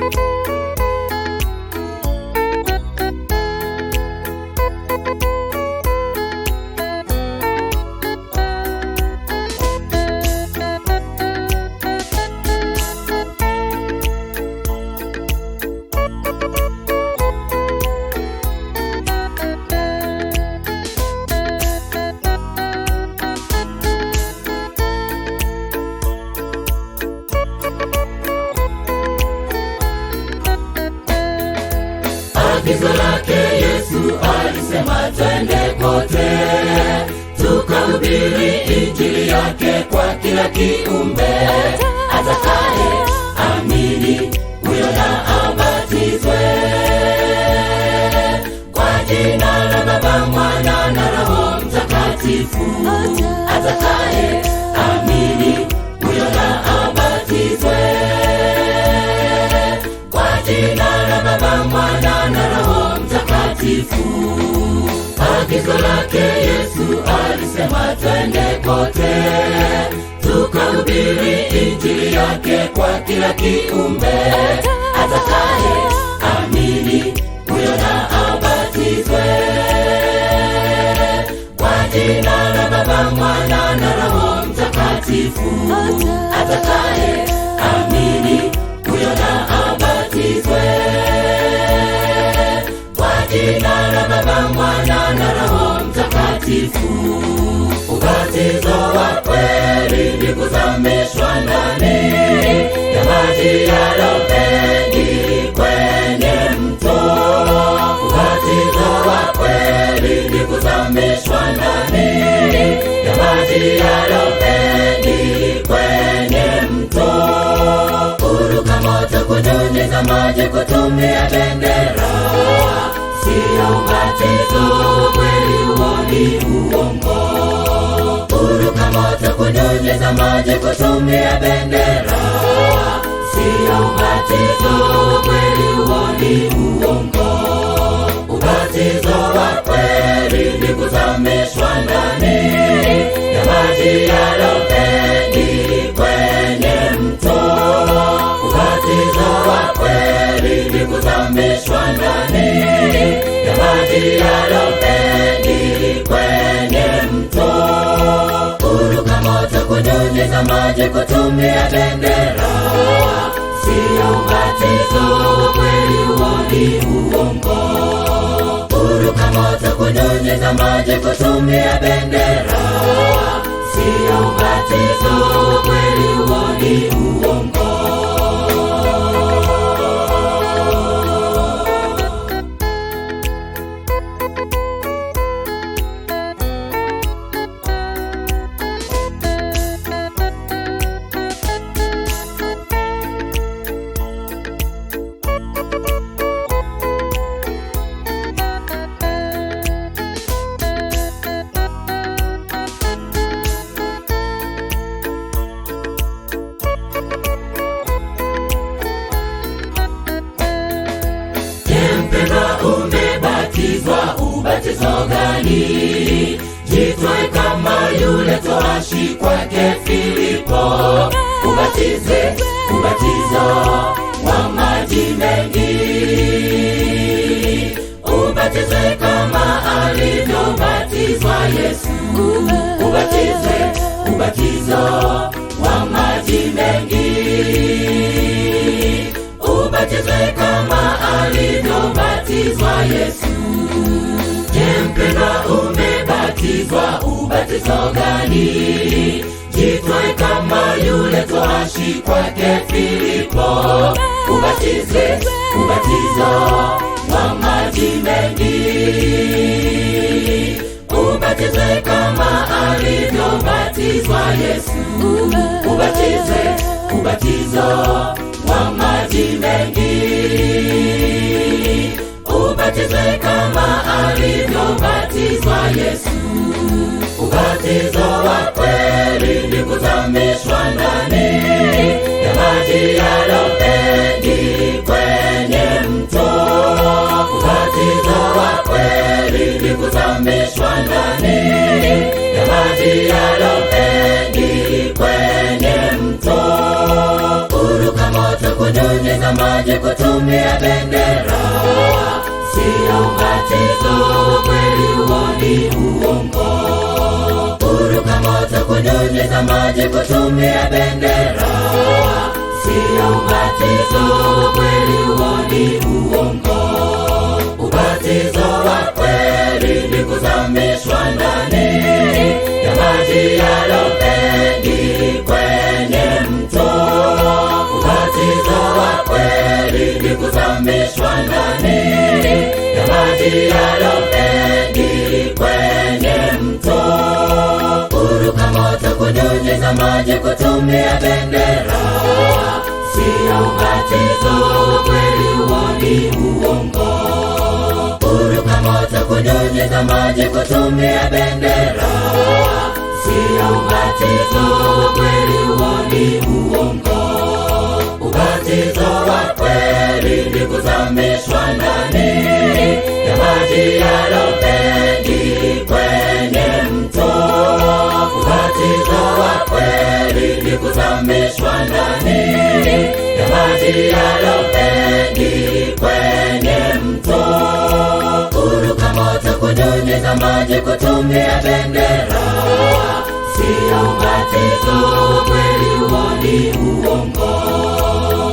you twende kote tukahubiri injili yake kwa kila kiumbe atakaye amini huyo na abatizwe kwa jina la baba mwana na roho mtakatifu atakaye amini huyo na abatizwe kwa jina la baba mwana na roho mtakatifu agizo lake Yesu alisema twende kote tukahubiri injili yake kwa kila kiumbe, atakaye amini huyo na abatizwe kwa jina la Baba, Mwana na Roho Mtakatifu, atakaye Mtakatifu. Ubatizo wa kweli ni kuzamishwa ndani ya maji yaliyobegi kwenye mto. Ubatizo wa kweli ni kuzamishwa ndani ya maji yaliyobegi kwenye mto. Kuruka moto, kunyunyiza maji, kutumia bendera siyo ubatizo hadi kuongoa, kuruka moto, maji, kutumia bendera siyo ubatizo, kweli huo ni uongo. Ubatizo wa kweli ni kuzamishwa ndani ya maji kwenye ya Watazamaji kutumia bendera siyo ubatizo, kweli huo uongo. Kuruka moto, maji kutumia bendera siyo ubatizo uwezo gani? Jitwe kama yule toashi kwake Filipo, ubatize ubatizo wa maji mengi, ubatize kama alivyobatizwa Yesu, ubatize ubatizo wa maji mengi, ubatize kama alivyobatizwa Yesu umebatizwa ubatizo gani? Jitwae kama yule toashi kwake Filipo, ubatize ubatizo wa maji mengi, ubatizwe kama alivyobatizwa Yesu, ubatizwe ubatizo wa maji mengi ubatizwe kama alivyobatizwa Yesu. Ubatizo wa kweli ni kuzamishwa ndani ya maji ya yalopeni kwenye mto. Ubatizo wa kweli ni kuzamishwa ndani ya maji ya yalopeni kwenye mto. Uruka moto kunyunyiza maji kutumia bendera kupitia ubatizo wa kweli huo ni uongo. Kuruka moto, kunyunyiza maji, kutumia bendera, siyo ubatizo wa kweli huo ni uongo. Ubatizo wa kweli ni kuzamishwa ndani ya maji yalopendili kwenye mto. Ubatizo wa kweli ni kuzamishwa ndani lilolopedi kwenye mto, kuruka moto, kunyunyiza maji, kutumia bendera siyo ubatizo, kweli huo uongo. Kuruka moto, kunyunyiza maji, kutumia bendera siyo ubatizo, kweli ubatizo wa kweli ni kuzamishwa ndani ya maji yalopeni kwenye mto. Kuruka moto, kunyunyiza maji, kutumia bendera, sio ubatizo kweli, huo ni uongo.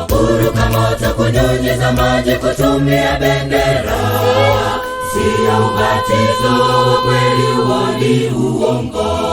Kuruka moto, kunyunyiza maji, kutumia bendera, sio ubatizo kweli, huo ni uongo.